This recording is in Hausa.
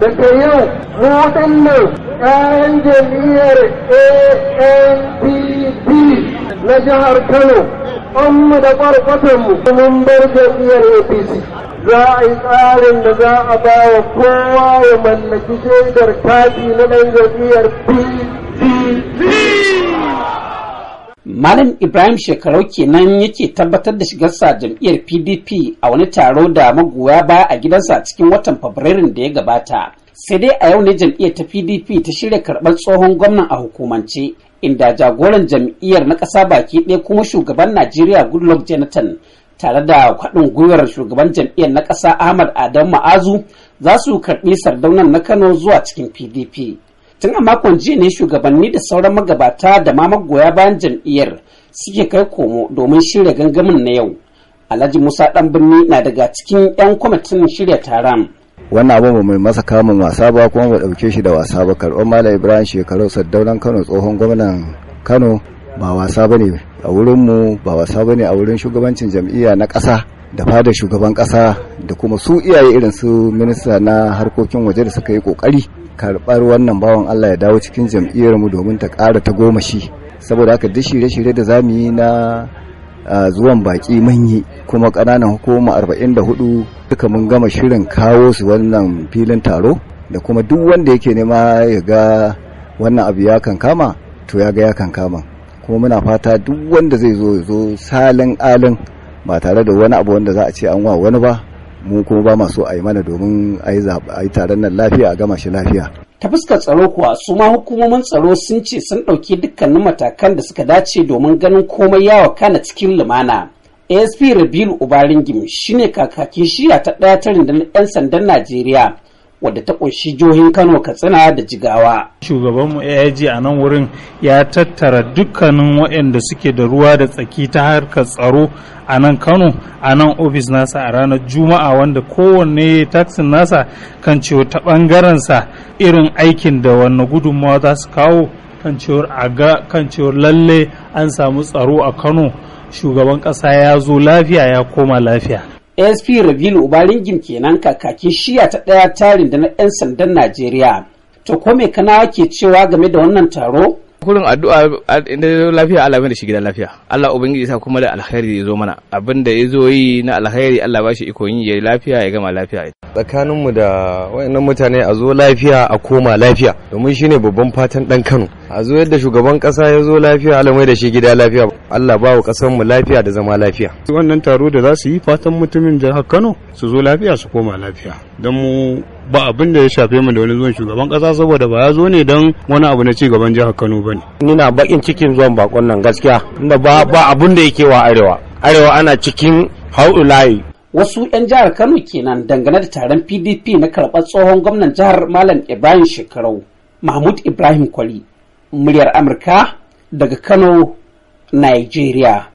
daga yau hudun nan kayan jam'iyyar ANPP na jihar Kano mu da mu mun bar jam'iyyar APC za a yi tsarin da za a ba wa kowa ya mallaki shaidar kati na ɗan jam'iyyar PDP. Malam Ibrahim Shekarau kenan yake tabbatar da shigarsa jam'iyyar PDP a wani taro da magoya baya a gidansa cikin watan Fabrairun da ya gabata. Sai dai a yau ne jam'iyyar ta PDP ta shirya karɓar tsohon gwamnan a hukumance, inda jagoran jam'iyyar na ƙasa baki ɗaya kuma shugaban Najeriya Goodluck Jonathan tare da haɗin gwiwar shugaban jam'iyyar na ƙasa Ahmad adamu Ma'azu za su karɓi sardaunan na Kano zuwa cikin PDP. tun a makon jiya ne shugabanni da sauran magabata da ma magoya bayan jam'iyyar suke kai komo domin shirya gangamin na yau alhaji musa dan birni na daga cikin yan kwamitin shirya taron wannan abu ba mai masa kamun wasa ba kuma ba dauke shi da wasa ba karɓar malam ibrahim shekaru saddaunan kano tsohon gwamnan kano ba wasa ba ne a wurinmu ba wasa ba ne a wurin shugabancin jam'iyya na ƙasa da fadar shugaban kasa da kuma su iyaye irin su minista na harkokin waje da suka yi kokari karɓar wannan bawan Allah ya dawo cikin jam'iyyarmu domin ta ƙara ta goma shi saboda haka duk shirye-shirye da zamu yi na zuwan baƙi manyi kuma ƙananan hukuma 44 duka mun gama shirin kawo su wannan filin taro da kuma duk wanda yake nema ya ga wannan abu ya kama to ya ga ya kankama kuma muna fata duk wanda zai zo ya zo salin alin ba tare da wani abu wanda za a ce an wa wani ba mu kuma ba masu a yi mana domin a yi taron nan lafiya a gama shi lafiya. Ta fuskar tsaro kuwa su ma hukumomin tsaro sun ce sun ɗauki dukkanin matakan da suka dace domin ganin komai yawa kana cikin lumana. ASP Rabilu Ubaringim shine kakakin shiya ta ɗaya ta rundunar 'yan sandan Najeriya wadda ta ƙunshi jihohin Kano, Katsina da Jigawa. Shugabanmu AIG a nan wurin ya tattara dukkanin waɗanda suke da ruwa da tsaki ta harkar tsaro a nan Kano a nan ofis nasa a ranar Juma'a wanda kowanne taksin nasa kan cewa ta ɓangarensa irin aikin da wannan gudunmawa za su kawo kan cewar aga kan cewar lalle an samu tsaro a Kano shugaban ƙasa ya zo lafiya ya koma lafiya. asp reveal ubaringin kenan kakakin shiya ta ɗaya tarin da na 'yan sandan najeriya to ko me kana ke cewa game da wannan taro kullum addu'a inda lafiya Allah mai da shi gida lafiya Allah ubangiji sa kuma da alkhairi ya zo mana abin da ya zo yi na alkhairi Allah ba shi iko yin ya lafiya ya gama lafiya tsakanin mu da wayannan mutane a zo lafiya a koma lafiya domin shine babban fatan dan Kano a zo yadda shugaban kasa ya zo lafiya Allah mai da shi gida lafiya Allah ba wa kasar mu lafiya da zama lafiya wannan taro da za su yi fatan mutumin jihar Kano su zo lafiya su koma lafiya don mu ba abin da ya shafe mu da wani zuwan shugaban kasa saboda ba ya zo ne don wani abu na ci gaban jihar Kano bane ni na bakin cikin zuwan bakon nan gaskiya inda ba ba abin da yake wa arewa arewa ana cikin layi. wasu 'yan jihar Kano kenan dangane da taron PDP na karɓar tsohon gwamnan jihar Malam Ibrahim Shekarau Mahmud Ibrahim Kwali, muryar Amurka daga Kano Nigeria